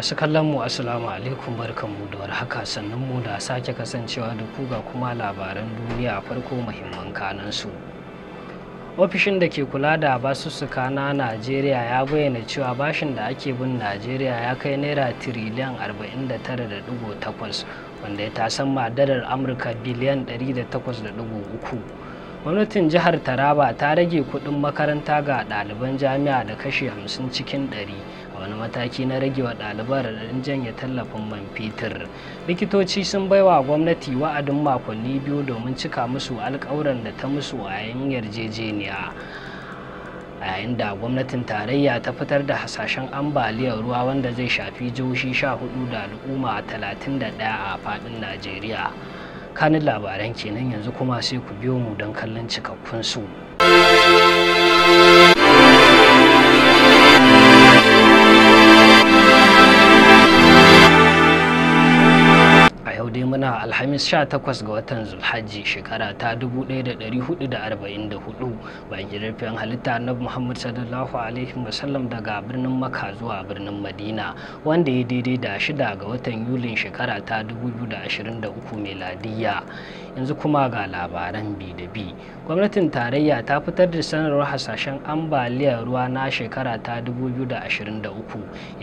masu kallon mu assalamu alaikum barkanmu da haka sannan mu da sake kasancewa da ku ga kuma labaran duniya farko muhimman kanan su ofishin da ke kula da basussuka na najeriya ya bayyana cewa bashin da ake bin najeriya ya kai naira tiriliyan 49.8 wanda ya tasan madarar amurka biliyan 108.3 gwamnatin jihar taraba ta rage kudin makaranta ga ɗaliban jami'a da kashe 50 cikin 100 a wani mataki na rage wa ɗaliban raɗaɗin janye tallafin man fetur likitoci sun bai wa gwamnati wa'adin makonni biyu domin cika musu alƙawuran da ta musu a yayin yarjejeniya a yayin da gwamnatin tarayya ta fitar da hasashen ambaliyar ruwa wanda zai shafi jihohi 14 da al'umma 31 a faɗin najeriya kanin labaran kenan yanzu kuma sai ku biyo mu don kallon cikakkun su. alhamis 18 ga watan zulhajji shekara ta 1444 bayan jirafin halitta na muhammad sallallahu alaihi wasallam daga birnin makka zuwa birnin madina wanda ya daidai da shida ga watan yulin shekara ta 2023 meladiya yanzu kuma ga labaran bi da bi gwamnatin tarayya ta fitar da sanarwar hasashen ambaliyar ruwa na shekara ta 2023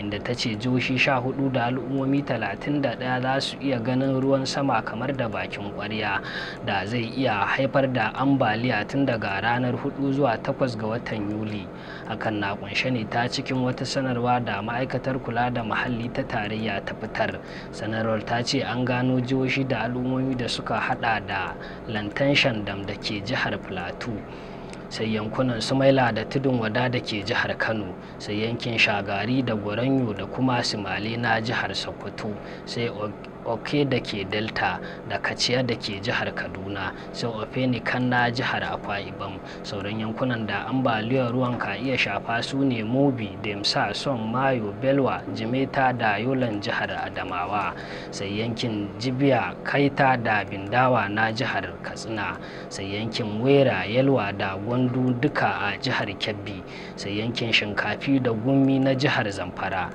inda ta ce jihohi 14 da al'ummomi 31 za su iya ganin ruwan sama kamar da bakin kwarya da zai iya haifar da ambaliya tun daga ranar 4 zuwa 8 ga watan yuli hakan na kunshe ne ta cikin wata sanarwa da ma'aikatar kula da muhalli ta tarayya ta fitar sanarwar ta ce an gano jihohi da al'ummomi da suka hada da lantanshan dam da ke jihar plateau sai yankunan sumaila da tudun wada da ke jihar kano sai yankin shagari da goranyo da kuma simale na jihar sokoto sai oke da ke delta da kaciya da ke jihar kaduna sau sai kan kanna jihar akwa ibam sauran yankunan da ambaliyar ruwan ka iya shafa su ne mobi demsa son mayo belwa jimeta da yolan jihar adamawa sai yankin jibiya kaita da bindawa na jihar katsina sai yankin wera yalwa da gwandu duka a jihar kebbi sai yankin shinkafi da gumi na jihar zamfara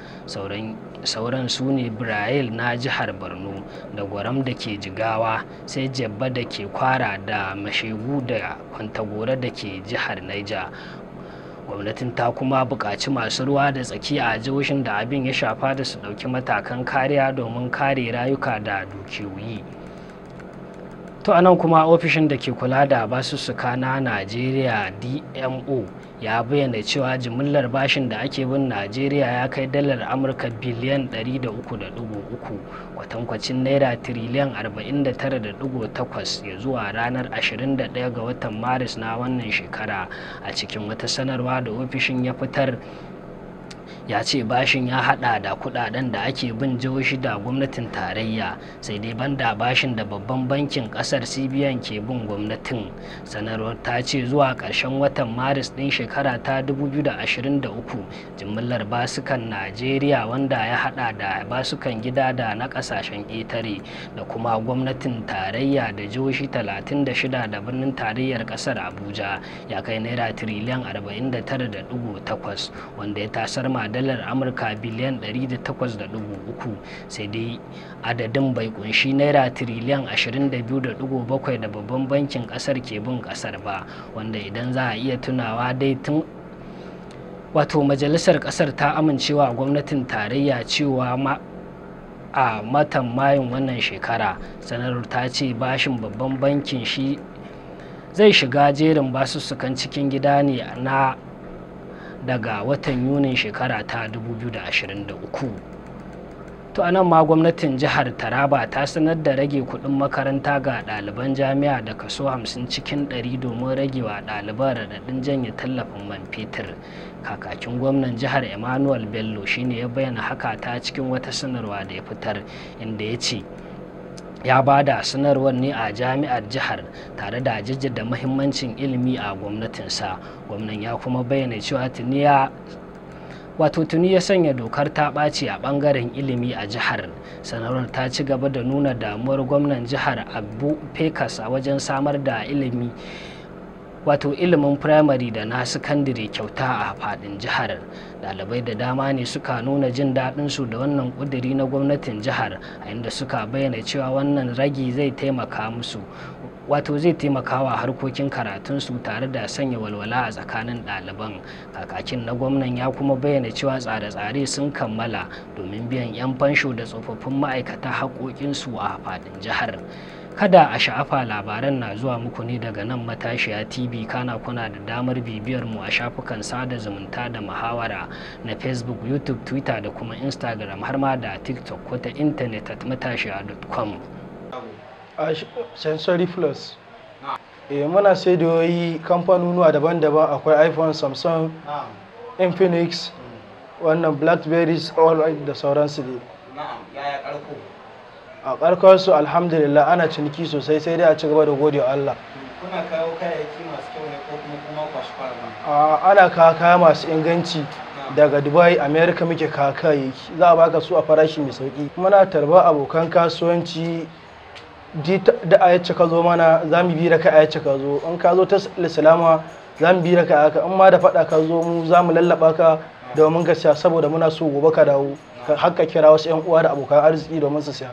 sauran su ne na jihar borno borno da gwaram da ke jigawa sai jabba da ke kwara da mashegu da kwantagora da ke jihar naija gwamnatin ta kuma buƙaci masu ruwa da tsaki a jihohin da abin ya shafa da su ɗauki matakan kariya domin kare rayuka da dukiyoyi. to nan kuma ofishin da ke kula da basussuka na najeriya dmo ya bayyana cewa jimillar bashin da ake bin najeriya ya kai dalar amurka biliyan 300.3 kwatankwacin naira tiriliyan 49.8 ya zuwa ranar 21 ga watan maris na wannan shekara a cikin wata sanarwa da ofishin ya fitar ya ce bashin ya hada da kudaden da ake bin jihohi da gwamnatin tarayya sai dai banda bashin da babban bankin kasar cbn ke bin gwamnatin sanarwar ta ce zuwa karshen watan maris din shekara ta 2023 jimillar basukan najeriya wanda ya hada da basukan gida da na kasashen ƙetare da kuma gwamnatin tarayya da jihohi 36 da birnin tarayyar kasar abuja ya kai naira tiriliyan 49.8 wanda ya tasar ma dalar amurka biliyan 108.3 sai dai adadin bai kunshi naira tiriliyan 22.7 da babban bankin kasar ke bin kasar ba wanda idan za a iya tunawa dai tun wato majalisar kasar ta amincewa gwamnatin tarayya cewa ma a matan mayun wannan shekara sanar ta ce bashin babban bankin shi zai shiga jerin basussukan cikin gida ne na daga watan yunin shekara ta 2023 to a nan ma gwamnatin jihar taraba ta sanar da rage kudin makaranta ga ɗaliban jami'a da kaso 50 cikin 100 domin ragewa ɗaliban raɗaɗin janye tallafin man fetur kakakin gwamnan jihar emmanuel bello shine ya bayyana haka ta cikin wata sanarwa da ya fitar inda ya ce ya ba da sanarwar ne a jami'ar jihar tare da jaddada mahimmancin ilimi a gwamnatinsa gwamnan ya kuma bayyana cewa tuni ya wato tuni ya sanya dokar ta ɓaci a ɓangaren ilimi a jihar sanarwar ta ci gaba da nuna damuwar gwamnan jihar abu fekas a wajen samar da ilimi wato ilimin firamare da na sakandare kyauta a fadin jihar dalibai da dama ne suka nuna jin daɗin su da wannan ƙuduri na gwamnatin jihar a inda suka bayyana cewa wannan ragi zai taimaka musu wato zai taimakawa harkokin karatunsu tare da sanya walwala a tsakanin ɗaliban kakakin na gwamnan ya kuma bayyana cewa tsare-tsare sun kammala domin biyan 'yan fansho da tsofaffin ma'aikata haƙoƙinsu a faɗin jihar kada a sha'afa labaran na zuwa muku ne daga nan matashiya tv kana kuna da damar bibiyar mu a shafukan sada zumunta da muhawara na facebook youtube twitter da kuma instagram har ma da tiktok ko ta intanet at matashiya.com sensory plus e, muna sai da yi kamfanonuwa daban-daban akwai iphone samsung infinix mm. wannan blackberries all right da sauransu ne yaya a ƙarkon su alhamdulillah ana ciniki sosai sai dai a ci gaba da gode wa Allah kuna kawo kayayyaki masu kyau ne ko kuma kuma a ana kawo kaya masu inganci daga dubai america muke kawo kayayyaki za a baka su a farashi mai sauki muna tarba abokan kasuwanci da a yace ka zo mana za mu bi da ka a yace ka zo in ka zo ta islama za mu bi da ka haka in ma da faɗa ka zo mu za mu lallaba ka domin ka siya saboda muna so gobe ka dawo ka hakka kira wasu 'yan uwa da abokan arziki domin su siya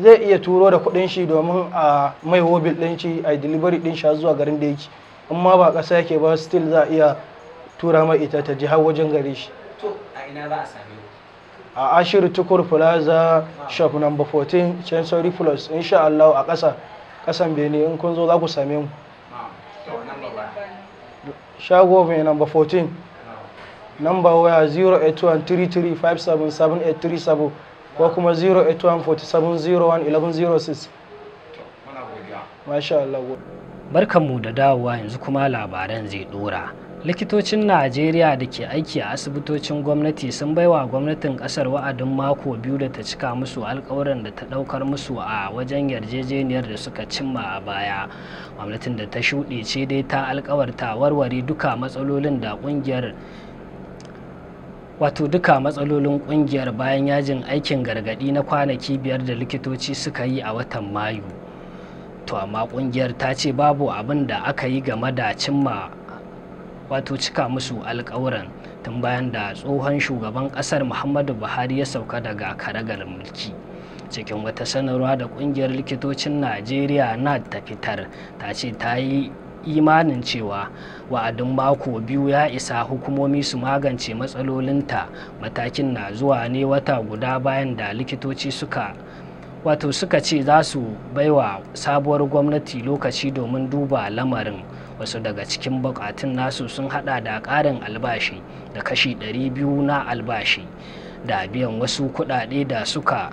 zai iya turo da kudin shi domin a mai hobil din shi a delivery din shi zuwa garin da yake amma ba kasa yake ba still za iya tura mai ita ta ji wajen gare shi to a ina za a same a ashir tukur plaza shop number 14 chancery plus insha Allah a kasa kasan bene in kun zo za ku same mu shago mai number 14 number waya 081 ko kuma 08147011106 masha Allah mu da dawowa yanzu kuma labaran zai dora likitocin najeriya da ke aiki a asibitocin gwamnati sun baiwa gwamnatin kasar wa'adin mako biyu da ta cika musu alkawarin da ta daukar musu a wajen yarjejeniyar da suka cimma a baya gwamnatin da ta shuɗe ce dai ta alkawarta warware duka matsalolin da ƙungiyar wato duka matsalolin kungiyar bayan yajin aikin gargadi na kwanaki biyar da likitoci suka yi a watan mayu to amma kungiyar ta ce babu abin da aka yi game da cimma wato cika musu alkawuran tun bayan da tsohon shugaban kasar muhammadu buhari ya sauka daga karagar mulki cikin wata sanarwa da kungiyar likitocin najeriya na ta fitar ta ce ta yi imanin cewa wa'adin mako biyu ya isa hukumomi su magance matsalolinta matakin na zuwa ne wata guda bayan da likitoci suka wato suka ce za su baiwa sabuwar gwamnati lokaci domin duba lamarin wasu daga cikin bukatun nasu sun hada da karin albashi da kashi 200 na albashi da biyan wasu kudade da suka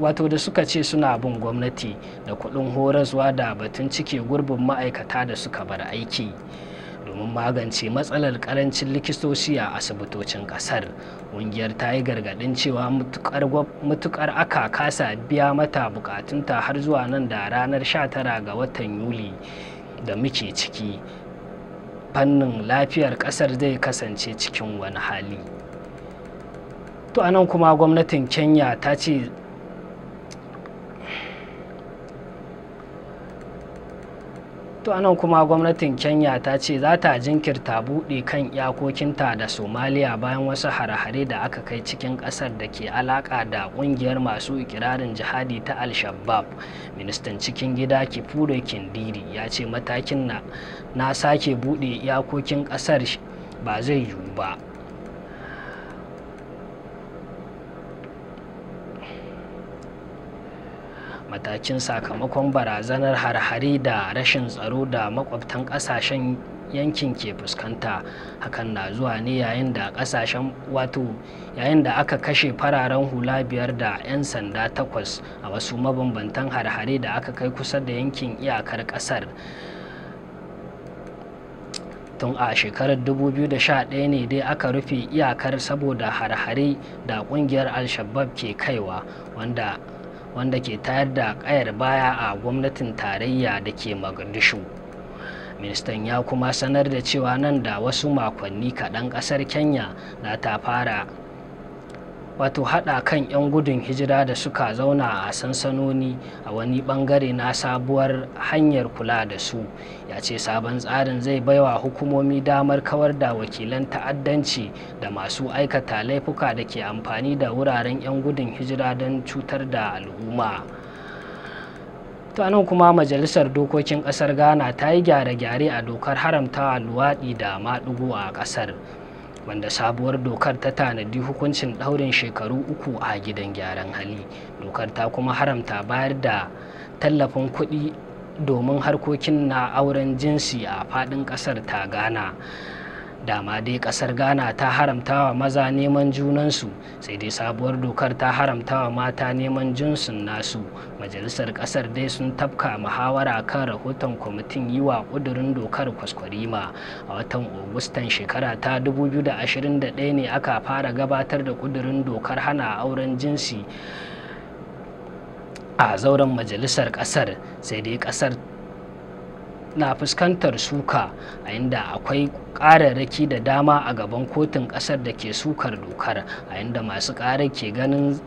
wato da suka ce suna bin gwamnati da kuɗin horaswa da batun cike gurbin ma'aikata da suka bar aiki domin magance matsalar karancin likistoci a asibitocin kasar ƙungiyar ta yi gargaɗin cewa mutukar aka kasa biya mata bukatunta har zuwa nan da ranar 19 ga watan yuli da muke ciki fannin lafiyar kasar zai kasance cikin wani hali to anan kuma gwamnatin kenya ta ce to anan kuma gwamnatin kenya ta ce za ta jinkirta buɗe kan iyakokinta da somaliya bayan wasu hare-hare da aka kai cikin ƙasar da ke alaƙa da ƙungiyar masu ikirarin jihadi ta al-shabab ministan cikin gida kifuro kindiri ya ce matakin na sake buɗe iyakokin ƙasar ba zai yiwu ba matakin sakamakon barazanar harhari da rashin tsaro da makwabtan kasashen yankin ke fuskanta hakan na zuwa ne yayin da kasashen wato yayin da aka kashe fararen hula biyar da 'yan sanda takwas a wasu mabambantan harhare da aka kai kusa da yankin iyakar kasar tun a shekarar 2011 ne dai aka rufe iyakar saboda harhare da kungiyar al-shabab ke kaiwa wanda wanda ke tayar da kayar baya a gwamnatin tarayya da ke magadishu ministan ya kuma sanar da cewa nan da wasu makonni kaɗan ƙasar kenya na ta fara wato hada kan 'yan gudun hijira da suka zauna a sansanoni a wani bangare na sabuwar hanyar kula da su ya ce sabon tsarin zai baiwa hukumomi damar kawar da wakilan ta'addanci da masu aikata laifuka da ke amfani da wuraren 'yan gudun hijira don cutar da al'umma ta nan kuma majalisar dokokin kasar ghana ta yi gyare-gyare a dokar haramta luwaɗi da maɗigo a ƙasar wanda sabuwar dokar ta tanadi hukuncin ɗaurin shekaru uku a gidan gyaran hali dokar ta kuma haramta bayar da tallafin kuɗi domin harkokin na auren jinsi a faɗin ƙasar ta gana. dama dai kasar ghana ta haramtawa maza neman junansu sai dai sabuwar dokar ta haramtawa mata neman jinsin nasu majalisar kasar dai sun tafka muhawara kan rahoton kwamitin yi wa kudurin dokar kwaskwarima a watan augustan shekara ta 2021 ne aka fara gabatar da kudurin dokar hana auren jinsi a zauren majalisar kasar sai dai kasar na fuskantar suka a inda akwai ƙararraki da dama a gaban kotun ƙasar da ke sukar dokar a inda masu ƙarar ke ganin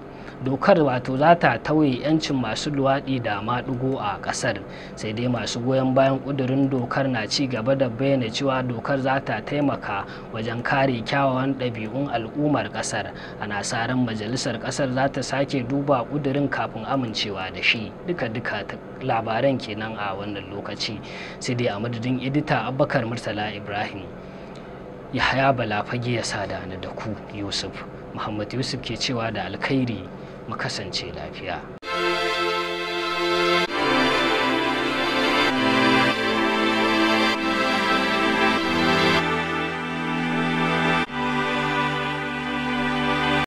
dokar wato za ta tauye 'yancin masu luwaɗi da maɗigo a ƙasar sai dai masu goyon bayan ƙudurin dokar na ci gaba da bayyana cewa dokar za ta taimaka wajen kare kyawawan ɗabi'un al'ummar ƙasar ana sa majalisar ƙasar za ta sake duba ƙudurin kafin amincewa da shi duka-duka labaran kenan a wannan lokaci sai dai a madadin edita abubakar murtala ibrahim yahaya bala fage ya sada ni da ku yusuf muhammad yusuf ke cewa da alkhairi mu kasance lafiya